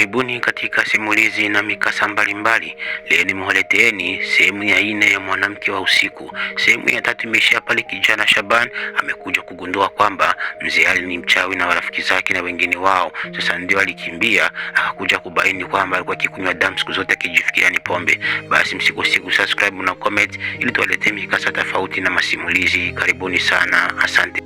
Karibuni katika simulizi na mikasa mbalimbali. Leo nimewaleteeni sehemu ya nne ya mwanamke wa usiku. Sehemu ya tatu imeishia pale kijana Shaban amekuja kugundua kwamba mzee Ali ni mchawi na warafiki zake na wengine wao. Sasa ndio alikimbia akakuja kubaini kwamba alikuwa akikunywa damu siku zote akijifikiria ni pombe. Basi msikose kusubscribe na comment ili tuwaletee mikasa tofauti na masimulizi. Karibuni sana, asante.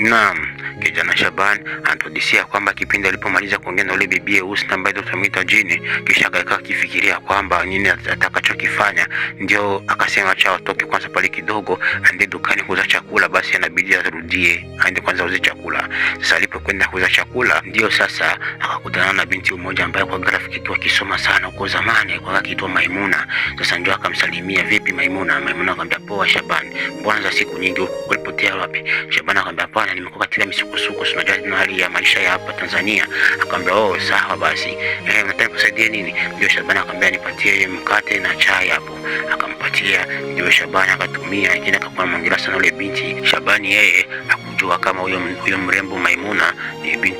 Naam. Kijana Shaban anatudisia kwamba kipindi alipomaliza kuongea na yule bibi Husna ambaye tutamwita jini, kisha akakaa akifikiria kwamba nini atakachokifanya, ndio akasema acha atoke kwanza pale kidogo, aende dukani kuuza chakula, basi anabidi arudie aende kwanza auze chakula. Sasa alipokwenda kuuza chakula, ndio sasa akakutana na binti mmoja ambaye kwa grafiki akisoma sana huko zamani, kwa akiitwa Maimuna. Sasa ndio akamsalimia, vipi Maimuna? Maimuna akamwambia poa Shaban, mbona za siku nyingi ulipotea wapi? Shaban akamwambia hapana, nimekuwa katika misiku kusukusu na hali ya maisha ya hapa Tanzania. Akamwambia oh, sawa basi, eh, nataka kusaidia nini? Ndio Shabani akamwambia nipatie mkate na chai hapo, akampatia. Ndio Shabani akatumia jina, akakuwa mwangila sana yule binti. Shabani yeye hakujua kama huyo huyo mrembo Maimuna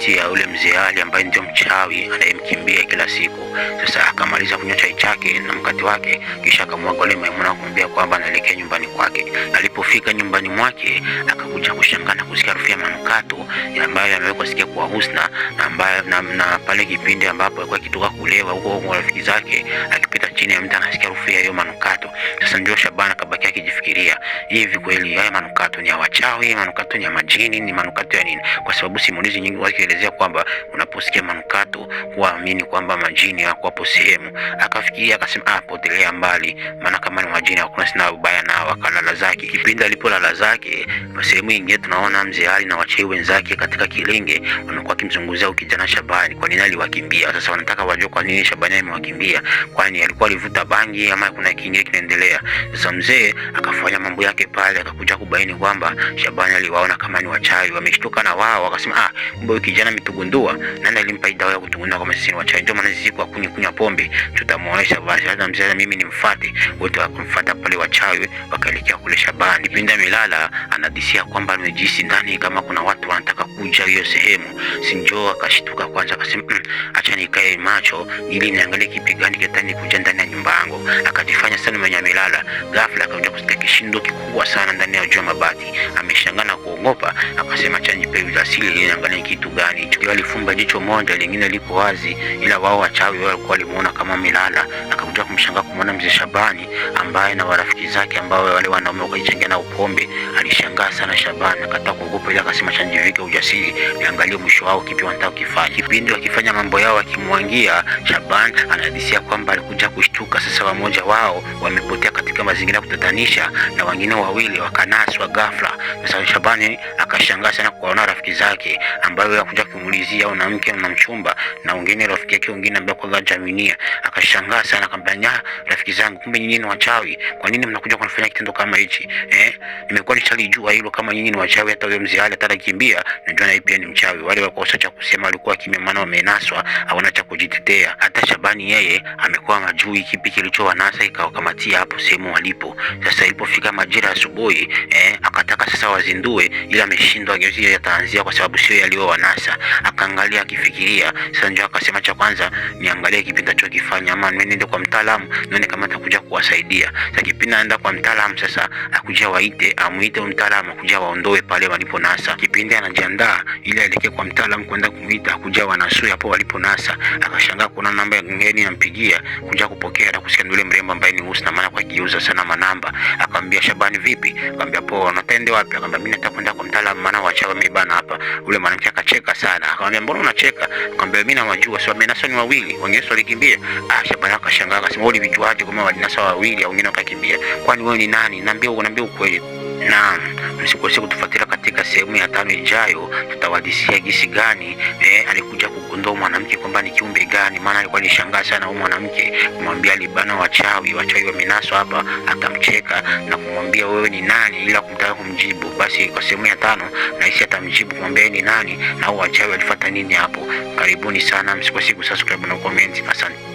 binti ya ule mzee Ali ambaye ndio mchawi anayemkimbia kila siku. Sasa akamaliza kunywa chai chake na mkate wake, kisha akamwaga ule maimuna na kumwambia kwamba anaelekea nyumbani kwake. Alipofika nyumbani mwake, akakuja kushangaa na kusikia harufu ya manukato ambayo amewekwa sikia kwa Husna na ambayo na, na pale kipindi ambapo alikuwa kitoka kulewa huko kwa rafiki zake, akipita chini ya mti anasikia harufu ya hiyo manukato. Sasa ndio Shabana akabaki akijifikiria, hivi kweli haya manukato ni ya wachawi? Manukato ni ya majini? Ni manukato ya nini? Kwa sababu simulizi nyingi wake akaelezea kwamba unaposikia manukato huamini kwamba majini yako hapo sehemu. Akafikiria akasema, ah, potelea mbali, maana kama ni majini hakuna sina ubaya nao. Akalala zake. Kipindi alipolala zake, sehemu nyingine tunaona mzee Ali na wachawi wenzake katika kilinge wamekuwa kimzunguzia ukijana Shabani, kwa nini aliwakimbia. Sasa wanataka wajue kwa nini Shabani amewakimbia, kwani alikuwa alivuta bangi ama kuna kingine kinaendelea. Sasa mzee akafanya mambo yake pale, akakuja kubaini kwamba Shabani aliwaona kama ni wachai, Wameshtuka na wao wakasema, ah, kumbe kijana kijana ametugundua na nilimpa dawa ya kutugundua kwa sisi wa chai, Ndio maana sisi kwa kunywa kunywa pombe tutamuonesha basi, Hata mzee mimi nimfuate, wote wakumfuata pale wachawi wakaelekea kule Shabani. Pinda Milala anadisia kwamba amejisi ndani kama kuna watu wanataka kuja hiyo sehemu. Sinjo akashtuka kwanza, akasema mm, acha nikae macho ili niangalie kipi gani kitani kuja ndani ya nyumba yangu. Akajifanya sana mwenye amelala. Ghafla akaja kusikia kishindo kikubwa sana ndani ya jua mabati. ameshangana na kuogopa, akasema acha nipe ujasiri ili niangalie kitu gani ndani Tukiwa alifumba jicho moja, lingine liko wazi, ila wao wachawi walikuwa walimuona kama milala akakuja kumshangaa alimwona mzee Shabani ambaye na warafiki zake ambao wale wanaume wakajichanganya na upombe. Alishangaa sana Shabani, akataka kuogopa, ila akasema chanjivike ujasiri, niangalie mwisho wao kipi wanataka kufanya. Kipindi wakifanya mambo yao, akimwangia Shabani anahadisia kwamba alikuja kushtuka. Sasa wamoja wao wamepotea katika mazingira ya kutatanisha na wengine wawili wakanaswa ghafla. Sasa Shabani akashangaa sana kuona rafiki zake ambao wakuja kumulizia una mke na mchumba na wengine rafiki yake wengine ambao kwa Jaminia akashangaa sana akamdanganya rafiki zangu, kumbe nyinyi ni wachawi. Kwa nini mnakuja kunifanya kitendo kama hichi eh? Nimekuwa nishalijua hilo kama nyinyi ni wachawi. Hata huyo mzee wale hata nakimbia, najua na pia ni mchawi. Wale wakosa cha kusema, walikuwa kimya, maana wamenaswa, hawana cha kujitetea. Hata Shabani yeye amekuwa majui kipi kilichowanasa, ikawakamatia hapo sehemu walipo. Sasa ilipofika majira asubuhi eh, sasa wazindue, ila ameshindwa mageuzi ya tanzia kwa sababu sio yaliyo wanasa. Akaangalia akifikiria, sasa ndio akasema cha kwanza niangalie kipindi kifanya ama mimi niende kwa mtaalamu nione kama atakuja kuwasaidia. Sasa kipindi anaenda kwa mtaalamu, sasa akuja waite, amuite mtaalamu akuja waondoe pale walipo nasa. Kipindi anajiandaa ili aelekee kwa mtaalamu kwenda kumuita, akuja wanasui hapo walipo nasa. Akashangaa kuna namba ya ngeni anampigia kuja kupokea na kusikia yule mrembo ambaye ni usi na maana kwa kiuza sana manamba. Akamwambia Shabani, vipi? Akamwambia poa, unapendwa wapi? Akamwambia mimi nitakwenda kwa mtaalamu, maana wacha wamebana hapa. Ule mwanamke akacheka sana, akamwambia mbona unacheka? Akamwambia mimi nawajua, sio mimi nasa ni wawili, wengine sio alikimbia. Ah, Shabana akashangaa akasema, wewe ulijuaje kama walinasa wawili au wengine wakakimbia? Kwani wewe ni nani? Naambia, unaambia ukweli na msikose kutufuatilia katika sehemu ya tano ijayo. tutawadisia gisi gani eh, alikuja kugundua mwanamke kwamba ni kiumbe gani, maana alikuwa alishangaa sana huyo mwanamke kumwambia libana wachawi wachawi minaso hapa, atamcheka na kumwambia wewe ni nani, ila kumtaka kumjibu. Basi kwa sehemu ya tano na atamjibu kumwambia ni nani na wachawi walifuata nini hapo. Karibuni sana, msikose kusubscribe na comment. Asante.